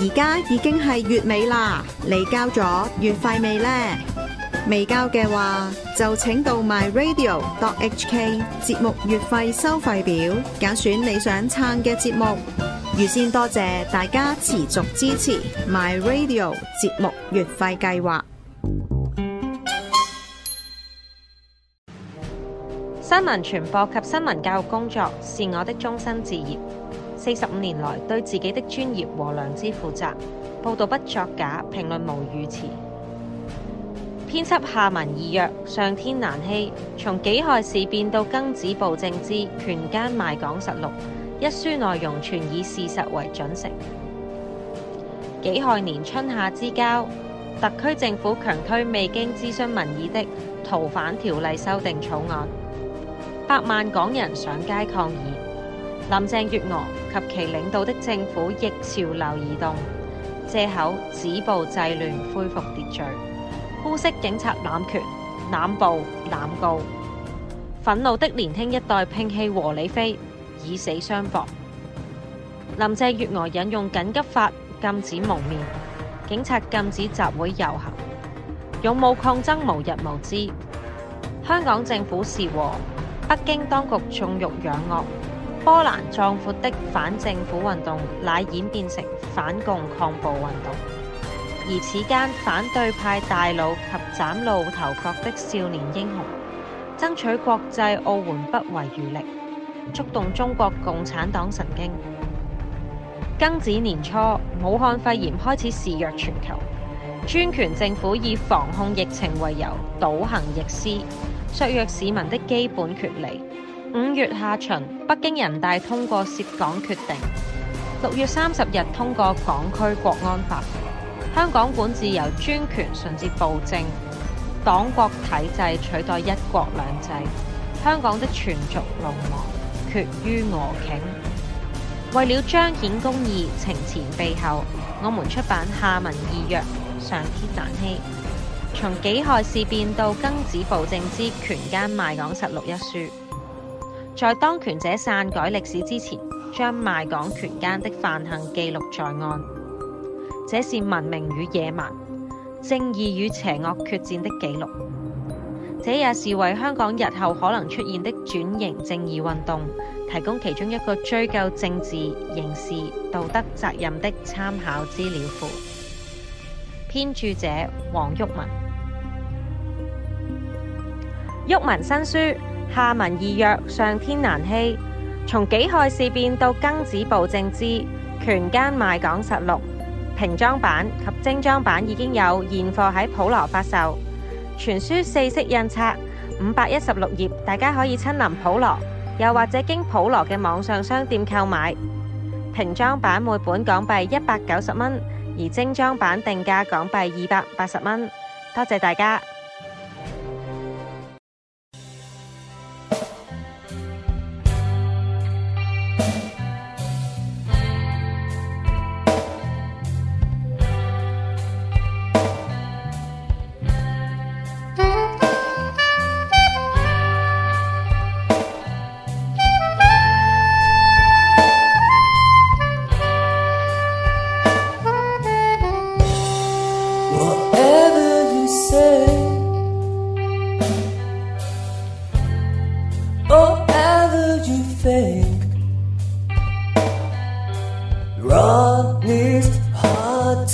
而家已經係月尾啦，你交咗月費未呢？未交嘅話，就請到 myradio.hk 節目月費收費表，揀選你想撐嘅節目。預先多謝大家持續支持 MyRadio 節目月費計劃。新聞傳播及新聞教育工作是我的終身志業。四十五年來，對自己的專業和良知負責，報道不作假，評論無預設。編輯下文意約，上天難欺。從己亥事變到庚子暴政之權奸賣港實錄，一書內容全以事實為準繩。己亥年春夏之交，特區政府強推未經諮詢民意的逃犯條例修訂草案，百萬港人上街抗議。林鄭月娥及其領導的政府逆潮流而動，藉口止暴制亂、恢復秩序，呼聲警察濫權、濫暴、濫告。憤怒的年輕一代拼氣和理非，以死相搏。林鄭月娥引用緊急法禁止蒙面，警察禁止集會遊行，勇武抗爭無日無之。香港政府是和，北京當局縱欲養惡。波瀾壯闊的反政府運動乃演變成反共抗暴運動，而此間反對派大佬及嶄露頭角的少年英雄，爭取國際奧援不遺餘力，觸動中國共產黨神經。庚子年初，武漢肺炎開始肆虐全球，專權政府以防控疫情為由，倒行逆施，削弱市民的基本權利。五月下旬，北京人大通過涉港決定；六月三十日通過港區國安法。香港管治由專權順至暴政，黨國體制取代一國兩制。香港的全族淪亡，決於俄頃。為了彰顯公義、懲前毖後，我們出版下文意約，上天難欺。從己亥事變到庚子暴政之權奸賣港實錄一書。在當權者篡改歷史之前，將賣港權奸的犯行記錄在案，這是文明與野蠻、正義與邪惡決戰的記錄。這也是為香港日後可能出現的轉型正義運動提供其中一個追究政治、刑事、道德責任的參考資料庫。編著者黃毓民，毓民新書。下文易弱，上天難欺。從己亥事變到庚子暴政之權奸賣港實錄，平裝版及精裝版已經有現貨喺普羅發售。全書四色印刷，五百一十六頁，大家可以親臨普羅，又或者經普羅嘅網上商店購買。平裝版每本港幣一百九十蚊，而精裝版定價港幣二百八十蚊。多謝大家。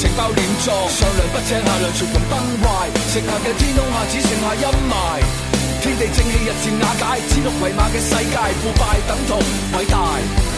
成包亂作，上梁不正下梁全盤崩壞，剩下嘅天空下只剩下陰霾，天地正氣日漸瓦解，指鹿為馬嘅世界腐敗等同偉大。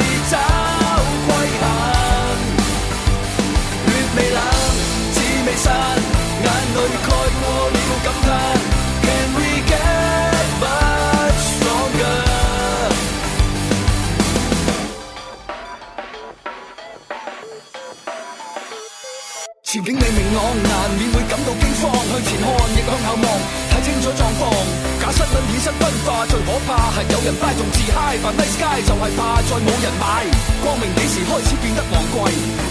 眼淚蓋過了感嘆，can we get much stronger？前景未明朗，難免會感到驚慌。向前看，亦向後望，睇清楚狀況。假新聞衍生分化，最可怕係有人帶動自 high，扮 nice guy 就係怕再冇人買。光明幾時開始變得昂貴？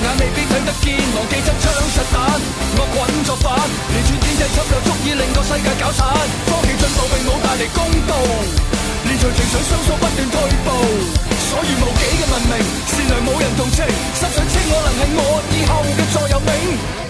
眼未必睇得見，我記得真槍實彈，惡棍作反，連串經濟侵略足以令個世界搞散。科技進步並冇帶嚟公道，連隨情緒雙數不斷退步，所以無紀嘅文明，善良冇人同情，失想稱我能係我以後嘅座右銘。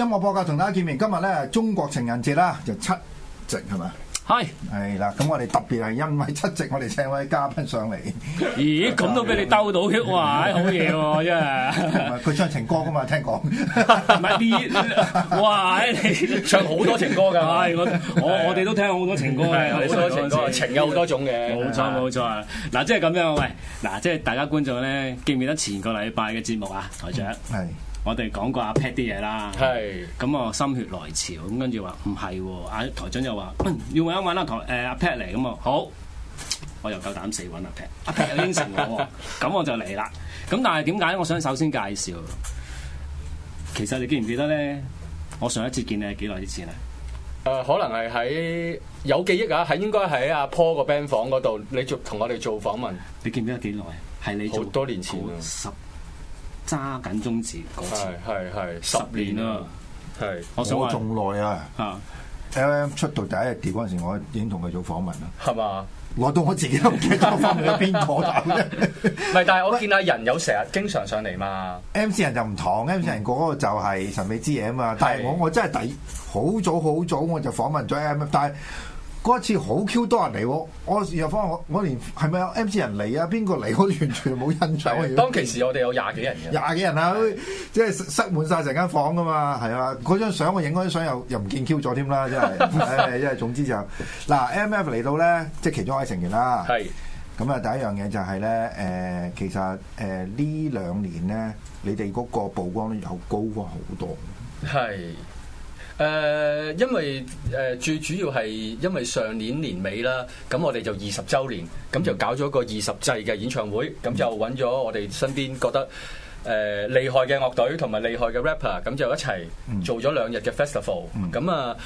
音樂博格同大家見面，今日咧，中國情人節啦，就七夕係咪？係係啦，咁我哋特別係因為七夕，我哋請位嘉賓上嚟。咦，咁都俾你兜到嘅，哇！好嘢，真係。因為佢唱情歌噶嘛？聽講。唔係啲，哇！你唱好多情歌噶，我我哋都聽好多情歌嘅。好多情歌，情有好多種嘅。冇錯冇錯。嗱，即係咁樣，喂，嗱，即係大家觀眾咧，記唔記得前個禮拜嘅節目啊？台長係。我哋講過阿 Pat 啲嘢啦，咁是 我心血來潮，咁跟住話唔係，阿台長又話、嗯、要揾一揾、啊呃、我一揾阿台阿 Pat 嚟，咁啊好，我又夠膽死揾阿、啊、Pat，阿、啊、Pat 又應承我，咁 我就嚟啦。咁但係點解？我想首先介紹，其實你記唔記得咧？我上一次見你係幾耐之前啊？誒，可能係喺有記憶啊，喺應該喺阿 Paul 個 band 房嗰度，你做同我哋做訪問，你記唔記得幾耐？係你好多年前啊。 十 ungen 揸緊中指嗰次，係係十年啦，年是我仲耐啊！L M 出道第一日跌嗰陣時，我已經同佢做訪問啦，係嘛吧？我到我自己都唔記得翻去邊個打唔係，但係我見阿仁，有成日經常上嚟嘛。M C 仁就唔同，M C 仁嗰個就係神秘之嘢啊嘛。但係我是我真係第好早好早我就訪問咗 M，但係。嗰次好 Q 多人嚟，我事方我我連係咪有 M C 人嚟啊？邊個嚟？我完全冇印象。 當其時我哋有廿幾人嘅，廿幾人啊，的即係塞滿晒成間房噶嘛，係嘛？嗰張相我影嗰張相又又唔見 Q 咗添啦，即係，唉，因為總之就嗱、是、LMF 嚟到咧，即係其中一位成員啦，係咁啊，第一樣嘢就係、是、咧，誒、呃，其實誒呢、呃、兩年咧，你哋嗰個曝光率好高翻好多，係。誒，因為誒最主要係因為上年年尾啦，咁我哋就二十週年，咁就搞咗個二十製嘅演唱會，咁就揾咗我哋身邊覺得誒厲害嘅樂隊同埋厲害嘅 rapper，咁就一齊做咗兩日嘅 festival，咁啊，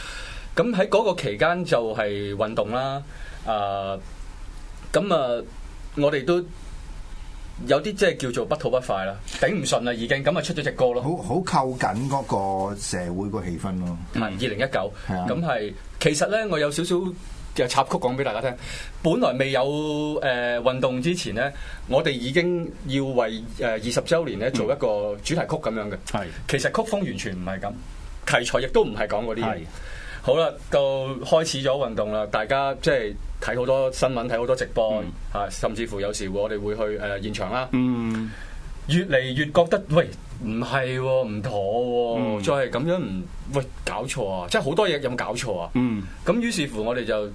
咁喺嗰個期間就係運動啦，啊，咁啊，我哋都。有啲即係叫做不吐不快啦，頂唔順啦，已經咁啊出咗隻歌咯，好好扣緊嗰個社會個氣氛咯。嗯，二零一九，係啊，咁係其實咧，我有少少嘅插曲講俾大家聽。本來未有誒運、呃、動之前咧，我哋已經要為誒二十週年咧做一個主題曲咁樣嘅。係、嗯，其實曲風完全唔係咁，題材亦都唔係講嗰啲嘢。嗯好啦，到開始咗運動啦，大家即係睇好多新聞，睇好多直播，嚇，嗯、甚至乎有時我哋會去誒、呃、現場啦。嗯，越嚟越覺得喂，唔係喎，唔妥喎、哦，嗯、再係咁樣唔喂搞錯啊！即係好多嘢有冇搞錯啊？嗯，咁於是乎我哋就，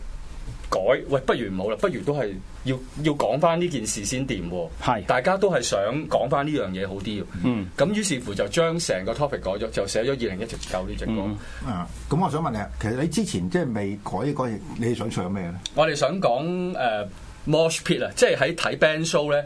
改喂，不如冇啦，不如都係要要講翻呢件事先掂。係，大家都係想講翻呢樣嘢好啲，嗯嗯。嗯，咁於是乎就將成個 topic 改咗，就寫咗二零一九呢隻歌。啊，咁我想問你，其實你之前即係未改嗰隻，你想唱咩咧？我哋想講誒、呃、mosh pit 啊，即係喺睇 band show 咧，誒、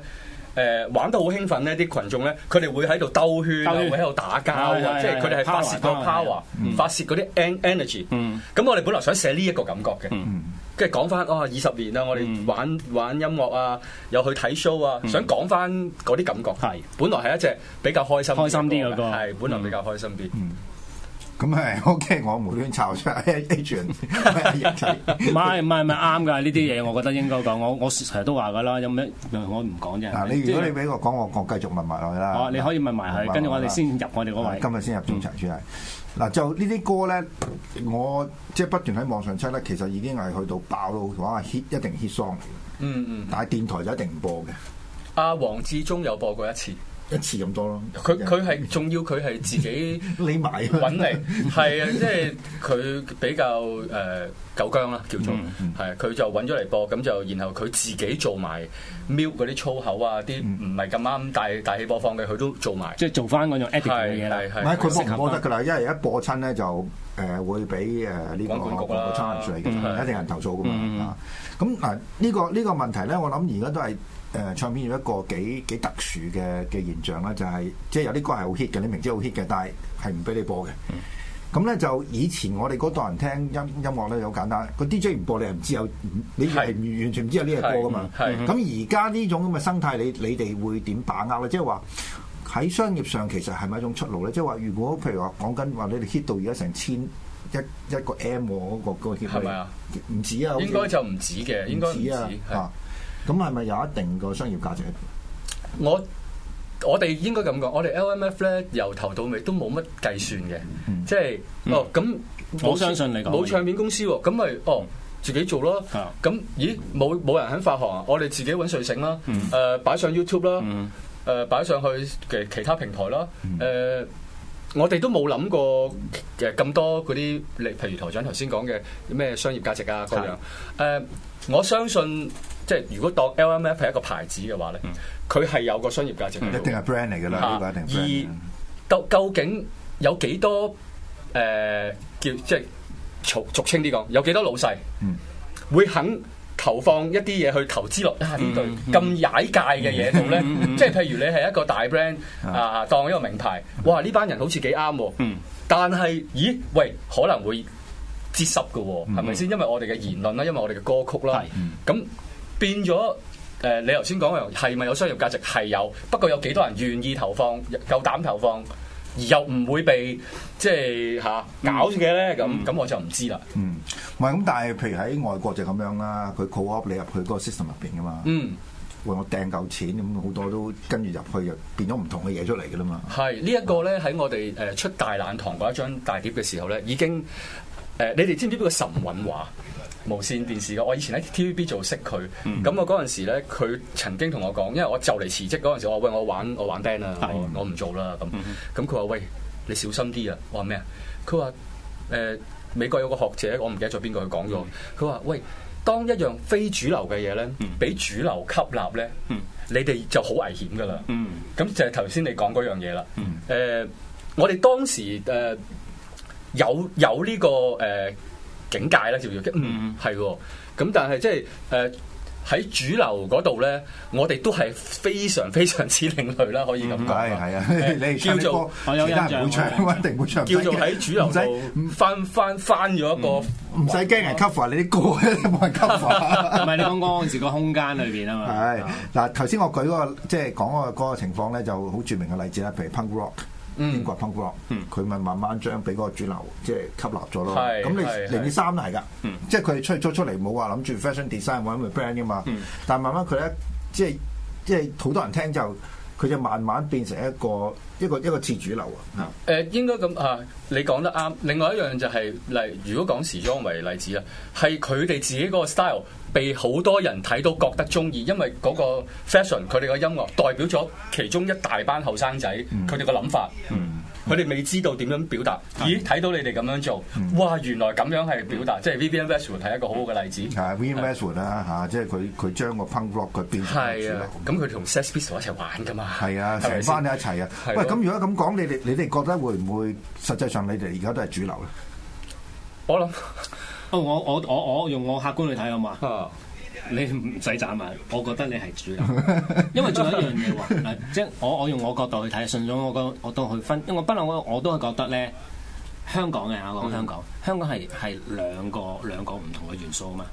呃，玩得好興奮呢啲群眾咧，佢哋會喺度兜圈，圈會喺度打交，即係佢哋係發洩個 power，發洩嗰啲 energy。嗯，咁、嗯、我哋本來想寫呢一個感覺嘅。嗯嗯即係講翻，哦，二十年啦！我哋玩玩音樂啊，又去睇 show 啊，嗯、想講翻嗰啲感覺。係的，本來係一隻比較開心開心開心啲嘅歌，係本來比較開心啲。嗯嗯咁係，OK，我胡亂炒出 a 一啲串，唔係唔係唔係啱噶？呢啲嘢， 我覺得應該講，我我成日都話噶啦，有咩我唔講啫。嗱、啊，你如果你俾我講，我我繼續問埋落去啦、啊。你可以問埋佢，跟住、嗯、我哋先入我哋嗰位。啊、今日先入中場主題。嗱、嗯，就呢啲歌咧，我即係不斷喺網上出咧，其實已經係去到爆到哇 hit、啊、一定 hit song 嚟嘅嗯。嗯嗯。但係電台就一定唔播嘅。阿黃志忠有播過一次。一次咁多咯，佢佢係仲要佢係自己匿埋揾嚟，係啊，即係佢比較誒九姜啦，叫做係，佢就揾咗嚟播，咁就然後佢自己做埋 mute 嗰啲粗口啊，啲唔係咁啱大大氣播放嘅，佢都做埋，即係做翻嗰種 edit 嘅嘢啦，係係，唔係佢播唔播得噶啦？因為一播親咧就誒會俾誒呢個廣管局 charge 嚟一定有人投訴噶嘛。咁嗱呢個呢個問題咧，我諗而家都係。誒唱片有一個幾幾特殊嘅嘅現象啦，就係、係、即係有啲歌係好 hit 嘅，你明知好 hit 嘅，但係係唔俾你播嘅。咁咧、嗯、就以前我哋嗰代人聽音音樂咧好簡單，個 DJ 唔播你係唔知有，你係完全唔知有呢隻歌㗎嘛。咁而家呢種咁嘅生態你，你你哋會點把握咧？即係話喺商業上其實係咪一種出路咧？即係話如果譬如話講緊話你哋 hit 到而家成千一一個 M 嗰、嗰個、嗰個 hit 係咪啊？唔止啊，應該就唔止嘅，應該唔止啊。咁係咪有一定個商業價值？我我哋應該咁講，我哋 LMF 咧由頭到尾都冇乜計算嘅，即係哦咁我相信你冇唱片公司喎、哦，咁咪、就是、哦自己做咯。咁、啊、咦冇冇人肯發行啊？我哋自己揾水整啦？誒擺、嗯呃、上 YouTube 啦，誒擺、嗯呃、上去嘅其他平台啦。誒、嗯呃、我哋都冇諗過嘅咁多嗰啲，你譬如台長頭先講嘅咩商業價值啊，嗰樣是、uh, 啊啊、我相信。即係如果當 LMF 係一個牌子嘅話咧，佢係、嗯、有個商業價值，一定係 brand 嚟噶啦，呢個一定。而究究竟有幾多誒、呃、叫即係俗俗稱啲講，有幾多老細會肯投放一啲嘢去投資落、哎、呢？對咁曳界嘅嘢做咧，即係譬如你係一個大 brand 啊，當一個名牌，哇呢班人好似幾啱，但係咦喂，可能會折濕噶，係咪先？因為我哋嘅言論啦，因為我哋嘅歌曲啦，咁、嗯。嗯變咗，誒、呃，你頭先講嘅係咪有商業價值？係有，不過有幾多人願意投放、夠膽投放，而又唔會被即係吓、啊、搞嘅咧？咁咁、嗯、我就唔知啦、嗯。嗯，唔係咁，但係譬如喺外國就咁樣啦，佢 call up 你入去嗰個 system 入邊噶嘛。嗯，為我訂夠錢咁，好多都跟住入去，就變咗唔同嘅嘢出嚟噶啦嘛。係、這個、呢一個咧，喺我哋誒出大懶堂嗰一張大碟嘅時候咧，已經誒、呃，你哋知唔知邊個神韻華？無線電視嘅，我以前喺 TVB 做識佢，咁、嗯、我嗰陣時咧，佢曾經同我講，因為我就嚟辭職嗰陣時，我喂我玩我玩 band 啦、啊的，我我唔做啦咁，咁佢話喂你小心啲啊，我話咩啊？佢話誒美國有個學者，我唔記得咗邊個佢講咗，佢話、嗯、喂當一樣非主流嘅嘢咧，俾、嗯、主流吸納咧，嗯、你哋就好危險噶啦，咁、嗯、就係頭先你講嗰樣嘢啦。誒、嗯嗯，我哋當時誒、呃、有有呢、這個誒。呃警界啦，仲要嗯，係喎。咁但係即係誒喺主流嗰度咧，我哋都係非常非常之另類啦。可以咁講係啊！你唱歌，其他唔會唱，肯定唔會唱。叫做喺主流，唔使唔翻翻翻咗一個，唔使驚人 cover 你啲歌，冇人 cover。唔係你講講住個空間裏邊啊嘛。係嗱，頭先我舉嗰個即係講個嗰個情況咧，就好著名嘅例子啦，譬如 punk rock。英國 p a n g o 佢咪慢慢將俾嗰個主流即係吸納咗咯。咁是你零點三都係㗎，即係佢出咗出嚟冇話諗住 fashion design 揾個 brand 㗎嘛。但係慢慢佢咧，即係即係好多人聽之後，佢就慢慢變成一個一個一個,一個次主流啊。誒是，應該咁啊，你講得啱。另外一樣就係、是、例，如果講時裝為例子啦，係佢哋自己嗰個 style。被好多人睇到覺得中意，因為嗰個 fashion 佢哋個音樂代表咗其中一大班後生仔佢哋個諗法，佢哋未知道點樣表達，咦，睇到你哋咁樣做，哇，原來咁樣係表達，即係 Vivian Westwood 係一個好好嘅例子。Vivian Westwood 啦，嚇，即係佢佢將個 punk rock 佢變咗主流。咁佢同 Sex Pistols 一齊玩噶嘛。係啊，成班一齊啊。喂，咁如果咁講，你哋你哋覺得會唔會實際上你哋而家都係主流咧？我諗。我我我我用我客觀去睇啊嘛，好 oh，你唔使爭啊，我覺得你係主流， 因為仲有一樣嘢喎， 即係我我用我角度去睇，順咗我個我都去分，因我不論我我都係覺得咧，香港嘅啊，講香港，香港係係兩個兩個唔同嘅元素啊嘛，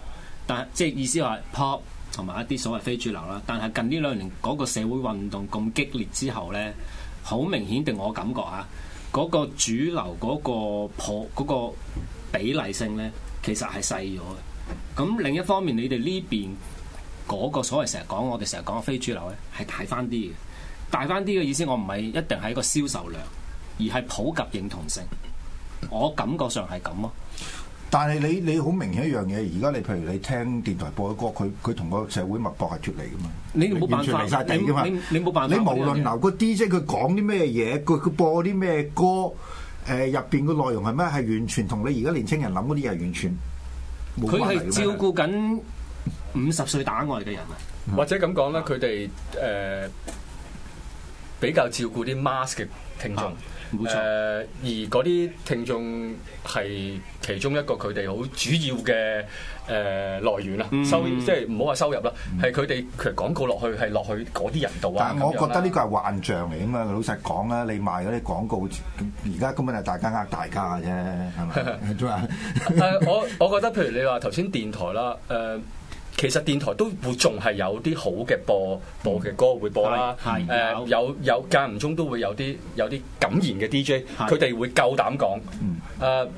但係即係意思話 pop 同埋一啲所謂非主流啦，但係近呢兩年嗰個社會運動咁激烈之後咧，好明顯定我感覺啊，嗰、嗰個主流嗰、嗰個 p、嗰個、比例性咧。其實係細咗嘅，咁另一方面，你哋呢邊嗰個所謂成日講我哋成日講嘅非主流咧，係大翻啲嘅，大翻啲嘅意思，我唔係一定係一個銷售量，而係普及認同性，我感覺上係咁咯。但係你你好明顯一樣嘢，而家你譬如你聽電台播嘅歌，佢佢同個社會脈搏係脱離嘅嘛，你冇辦法，離離嘛你你冇辦法，你無論留、啊、個 DJ 佢講啲咩嘢，佢佢播啲咩歌。誒，入邊個內容係咩？係完全同你而家年青人諗嗰啲嘢完全冇關係嘅咩？佢係照顧緊五十歲打外嘅人啊，嗯、或者咁講咧，佢哋誒比較照顧啲 mask 嘅聽眾。嗯誒、呃、而嗰啲聽眾係其中一個佢哋好主要嘅誒、呃、來源啦，收、嗯、即係唔好話收入啦，係佢哋其實廣告落去係落去嗰啲人度啊。但係我覺得呢個係幻象嚟，吖嘛。老實講啦，你賣嗰啲廣告，而家根本係大家呃大家嘅啫，係咪？誒我我覺得譬如你話頭先電台啦，誒、呃。其實電台都會仲係有啲好嘅播、mm. 播嘅歌會播啦，誒有有間唔中都會有啲有啲敢言嘅 DJ，佢哋、mm. 會夠膽講。誒、呃，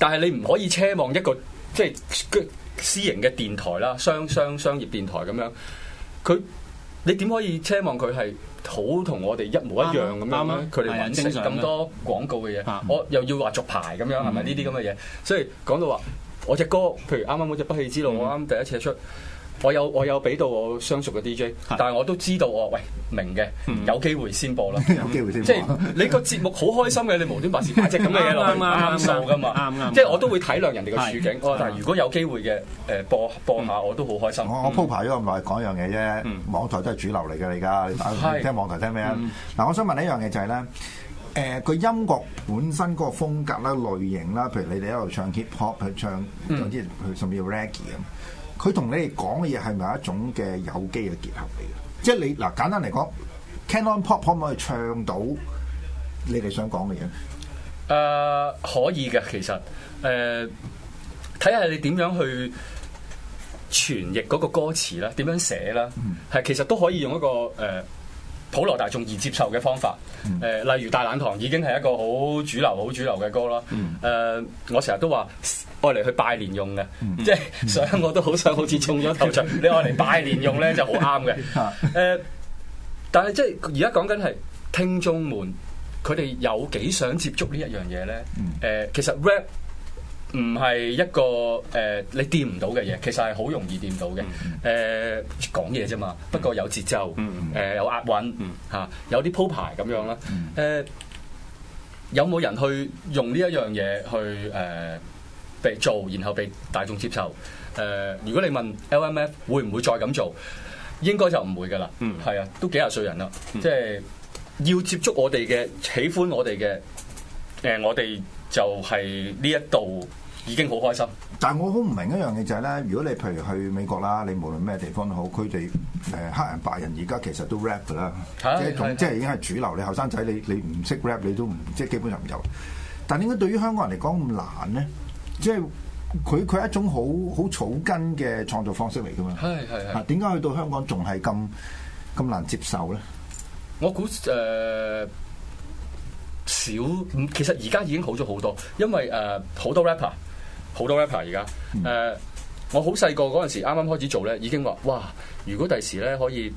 但係你唔可以奢望一個即係私營嘅電台啦，商商商業電台咁樣，佢你點可以奢望佢係好同我哋一模一樣咁樣？佢哋搵得咁多廣告嘅嘢，mm. 我又要話續牌咁樣，係咪呢啲咁嘅嘢？Mm. 所以講到話。我隻歌，譬如啱啱嗰隻《不棄之路》，我啱第一次出，我有我有俾到我相熟嘅 DJ，但係我都知道，我喂明嘅，有機會先播啦，有機會先。即係你個節目好開心嘅，你無端白事擺隻咁嘅嘢落嚟感受㗎嘛？啱啱，即係我都會體諒人哋嘅處境。但係如果有機會嘅誒播播下，我都好開心。我我鋪排咗咁耐講一樣嘢啫，網台都係主流嚟㗎，而家你聽網台聽咩啊？嗱，我想問你一樣嘢就係咧。誒佢、呃、音樂本身嗰個風格啦、類型啦，譬如你哋喺度唱 Hip Hop 去唱，嗯、gy, 是是有啲甚至要 reggae 咁，佢同你哋講嘅嘢係咪一種嘅有機嘅結合嚟嘅？即係你嗱、呃、簡單嚟講，Cantopop 可唔可以唱到你哋想講嘅嘢？誒、呃、可以嘅，其實誒睇下你點樣去傳譯嗰個歌詞啦，點樣寫啦，係、嗯、其實都可以用一個誒。呃普羅大眾易接受嘅方法，誒、呃，例如《大冷堂》已經係一個好主流、好主流嘅歌咯。誒、mm. 呃，我成日都話愛嚟去拜年用嘅，mm. 即係想我都好想好似中咗頭獎， 你愛嚟拜年用咧就好啱嘅。誒、呃，但係即係而家講緊係聽眾們，佢哋有幾想接觸呢一樣嘢咧？誒、呃，其實 rap。唔係一個誒，你掂唔到嘅嘢，其實係好容易掂到嘅。誒，講嘢啫嘛，不過有節奏，誒，有押韻吓，有啲鋪排咁樣啦。誒，有冇人去用呢一樣嘢去誒被做，然後被大眾接受？誒，如果你問 LMF 會唔會再咁做，應該就唔會噶啦。嗯，係啊，都幾廿歲人啦，即係要接觸我哋嘅，喜歡我哋嘅，誒我哋。就係呢一度已經好開心，但係我好唔明一樣嘢就係咧，如果你譬如去美國啦，你無論咩地方都好，佢哋誒黑人白人而家其實都 rap 㗎啦，是是是是即係一種即係已經係主流。你後生仔你你唔識 rap 你都唔即係基本上唔有。但係點解對於香港人嚟講咁難咧？即係佢佢係一種好好草根嘅創作方式嚟㗎嘛。係係啊，點解去到香港仲係咁咁難接受咧？我估誒。呃少，其實而家已經好咗好多，因為誒好、呃、多 rapper，好多 rapper 而家，誒、呃嗯、我好細個嗰陣時，啱啱開始做咧，已經話哇，如果第時咧可以，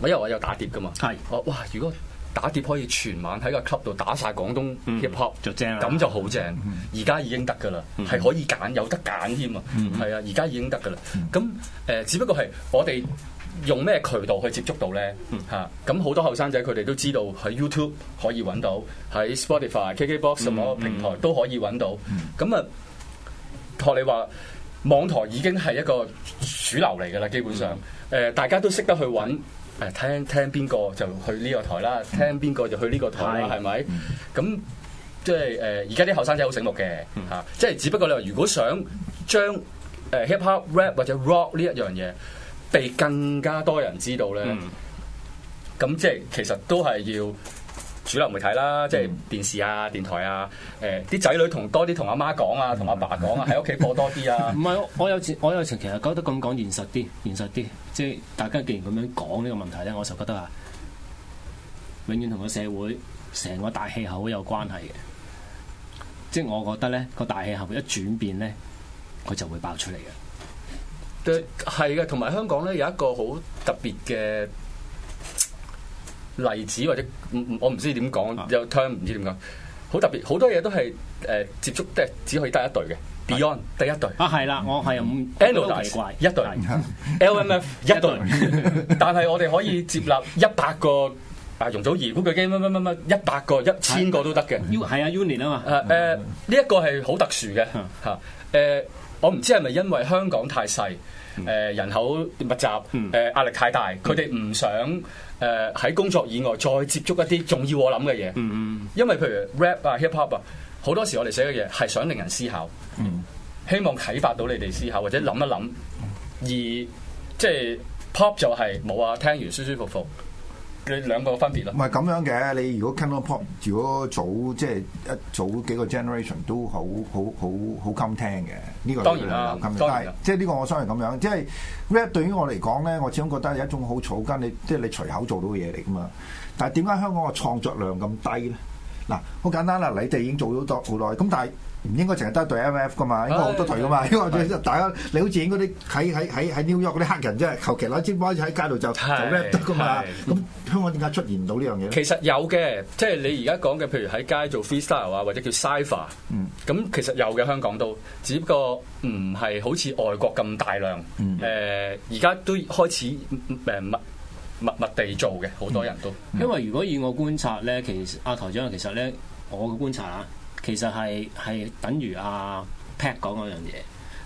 我又話有打碟噶嘛，係是，我哇，如果打碟可以全晚喺個 club 度打曬廣東 hip hop 就正，咁就好正，而家已經得噶啦，係可以揀、嗯，有得揀添啊，係啊，而家已經得噶啦，咁誒，只不過係我哋。用咩渠道去接觸到咧？嚇、嗯，咁好、啊、多後生仔佢哋都知道喺 YouTube 可以揾到，喺 Spotify、嗯、KKBox 什麼平台都可以揾到。咁啊、嗯，托、嗯、你話，網台已經係一個主流嚟噶啦，基本上，誒、嗯呃，大家都識得去揾，誒、呃，聽聽邊個就去呢個台啦，嗯、聽邊個就去呢個台啦，係咪、嗯？咁即係誒，而家啲後生仔好醒目嘅嚇，即係只不過你話如果想將誒 hip hop、rap 或者 rock 呢一樣嘢。被更加多人知道咧，咁、嗯、即係其實都係要主流媒體啦，嗯、即係電視啊、電台啊，誒、呃，啲仔女同多啲同阿媽講啊，同阿爸講啊，喺屋企播多啲啊。唔係，我有時我有時其實覺得咁講，現實啲，現實啲，即係大家既然咁樣講呢個問題咧，我就覺得啊，永遠同個社會成個大氣候好有關係嘅，即係我覺得咧個大氣候一轉變咧，佢就會爆出嚟嘅。對，係嘅。同埋香港咧有一個好特別嘅例子，或者我唔知點講，有聽唔知點講，好特別。好多嘢都係誒，接觸，即係只可以得一隊嘅。Beyond 第一隊啊，係啦，我係五。L M F 一隊，L M F 一隊。但係我哋可以接納一百個啊容祖兒，嗰句 g 乜乜乜乜，一百個一千個都得嘅。U 係啊，Uni 啊嘛。誒，呢一個係好特殊嘅嚇誒。我唔知係咪因為香港太細，誒、呃、人口密集，誒、呃、壓力太大，佢哋唔想誒喺、呃、工作以外再接觸一啲重要我諗嘅嘢。因為譬如 rap 啊、hip hop 啊，好多時我哋寫嘅嘢係想令人思考，嗯、希望啟發到你哋思考或者諗一諗。嗯、而即係、就是、pop 就係、是、冇啊，聽完舒舒服服。你兩個分別咯，唔係咁樣嘅。你如果 Cantopop，如果早即係一早幾個 generation 都好好好好襟聽嘅呢個當然啦，咁係即係呢個我相信咁樣，即係 rap 對於我嚟講咧，我始終覺得係一種好草根，你即係你隨口做到嘅嘢嚟噶嘛。但係點解香港嘅創作量咁低咧？嗱，好簡單啦，你哋已經做到多好耐，咁但係。唔應該淨係得一隊 M F 噶嘛，應該好多隊噶嘛，的因為大家的你好似影嗰啲喺喺喺喺 New York 嗰啲黑人即啫，求其攞支筷喺街度就的就咩得噶嘛。咁的香港點解出現唔到呢樣嘢？其實有嘅，即係你而家講嘅，譬如喺街做 freestyle 啊，或者叫 cypher，咁其實有嘅香港都，只不過唔係好似外國咁大量。誒、嗯呃，而家都開始誒密密密地做嘅，好多人都。嗯嗯、因為如果以我觀察咧，其實阿、啊、台長其實咧，我嘅觀察啊。其實係係等於阿 Phat 講嗰樣嘢，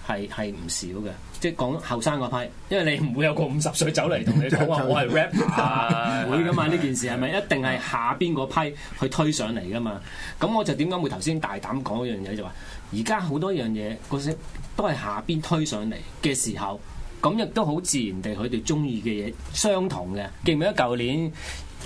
係係唔少嘅，即係講後生嗰批，因為你唔會有個五十歲走嚟同你講話 我係 rap 啊，會㗎嘛？呢件事係咪一定係下邊嗰批去推上嚟㗎嘛？咁我就點解會頭先大膽講一樣嘢就話，而家好多樣嘢嗰啲都係下邊推上嚟嘅時候，咁亦都好自然地佢哋中意嘅嘢相同嘅，記唔記得舊年？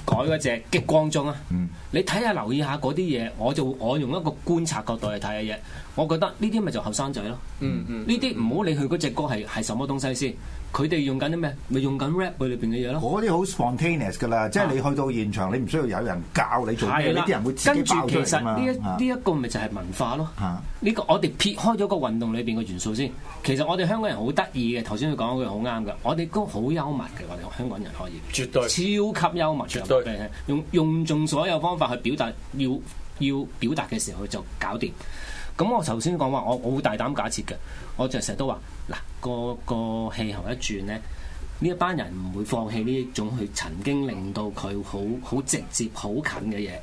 改嗰隻激光中啊！嗯、你睇下留意下嗰啲嘢，我就我用一個觀察角度嚟睇下嘢，我覺得呢啲咪就後生仔咯。嗯些嗯，呢啲唔好理佢嗰隻歌係係什麼東西先。佢哋用緊啲咩？咪用緊 rap 佢裏邊嘅嘢咯。嗰啲好 spontaneous 噶啦，的即係你去到現場，你唔需要有人教你做嘢。啲的人會自己教出嚟。跟住其實呢一呢一個咪就係文化咯。呢的個我哋撇開咗個運動裏邊嘅元素先，其實我哋香港人好得意嘅。頭先佢講嗰句好啱㗎，我哋都好幽默嘅。我哋香港人可以，絕對超級幽默，絕對用用盡所有方法去表達，要要表達嘅時候就搞掂。咁我頭先講話我我會大膽假設嘅，我就成日都話嗱個個氣候一轉咧，呢一班人唔會放棄呢一種去曾經令到佢好好直接、好近嘅嘢，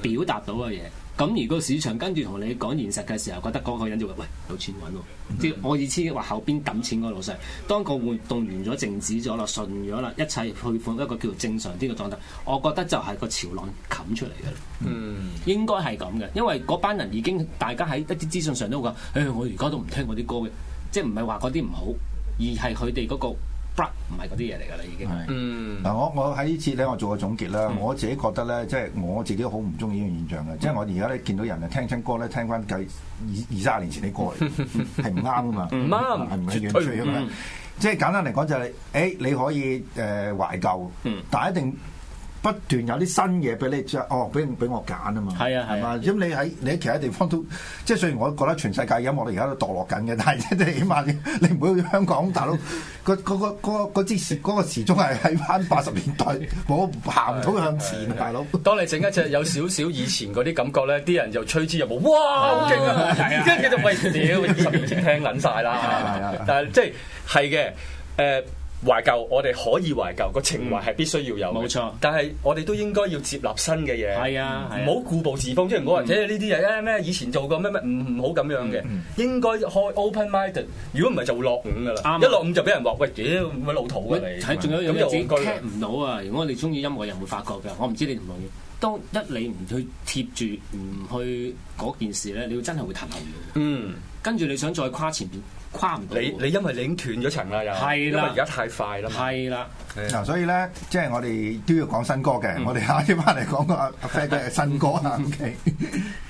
表達到嘅嘢。咁如果市場跟住同你講現實嘅時候，覺得嗰個人就話：喂，有錢揾喎、啊，mm hmm. 即係我意思話後邊揼錢嗰個老細，當個活動完咗、靜止咗啦、順咗啦，一切去款一個叫做正常啲嘅狀態，我覺得就係個潮浪冚出嚟嘅啦。嗯、mm，hmm. 應該係咁嘅，因為嗰班人已經大家喺一啲資訊上都講：誒、哎，我而家都唔聽嗰啲歌嘅，即係唔係話嗰啲唔好，而係佢哋嗰個。不唔係嗰啲嘢嚟㗎啦，已經是。嗱、嗯，我我喺呢次咧，我做個總結啦。嗯、我自己覺得咧，即係我自己好唔中意呢個現象嘅。即係、嗯、我而家咧見到人咧聽親歌咧，聽翻幾二二三十年前啲歌嚟，係唔啱啊嘛？唔啱、嗯，係唔係遠吹、嗯、即係簡單嚟講就係、是，誒、欸、你可以誒、呃、懷舊，但係一定。不斷有啲新嘢俾你著，哦，俾俾我揀啊嘛。係啊是是，係、嗯、嘛。咁你喺你喺其他地方都，即係雖然我都覺得全世界音樂，我而家都墮落緊嘅。但係即係起碼你你唔會香港的大佬，個個個個個時時嗰個時鐘係喺翻八十年代，我行唔到向前大佬。當你整一隻有少少以前嗰啲感覺咧，啲人就趨之若鶩。哇，好勁啊！跟住就喂，屌，十年前聽撚曬啦。係啊。但係即係係嘅，誒。懷舊，我哋可以懷舊，個情懷係必須要有，冇錯。但係我哋都應該要接納新嘅嘢，係、嗯、啊，唔好固步自封。即係唔好話，即呢啲嘢咩以前做過咩咩，唔唔好咁樣嘅。嗯嗯、應該開 open minded。如果唔係，就會落伍噶啦，嗯、一落伍就俾人話喂，屌，乜老土啊你！仲有一樣嘢 catch 唔到啊！如果你中意音樂，人會發覺嘅。我唔知你同唔同意？當一你唔去貼住，唔去嗰件事咧，你真會真係會彈下嗯，跟住你想再跨前邊。跨唔到，你你因為你已經斷咗層啦又，是的 因為而家太快啦，係啦。嗱，所以咧，即係我哋都要講新歌嘅，嗯、我哋下一班嚟講 阿阿 Phat 嘅新歌啦，OK。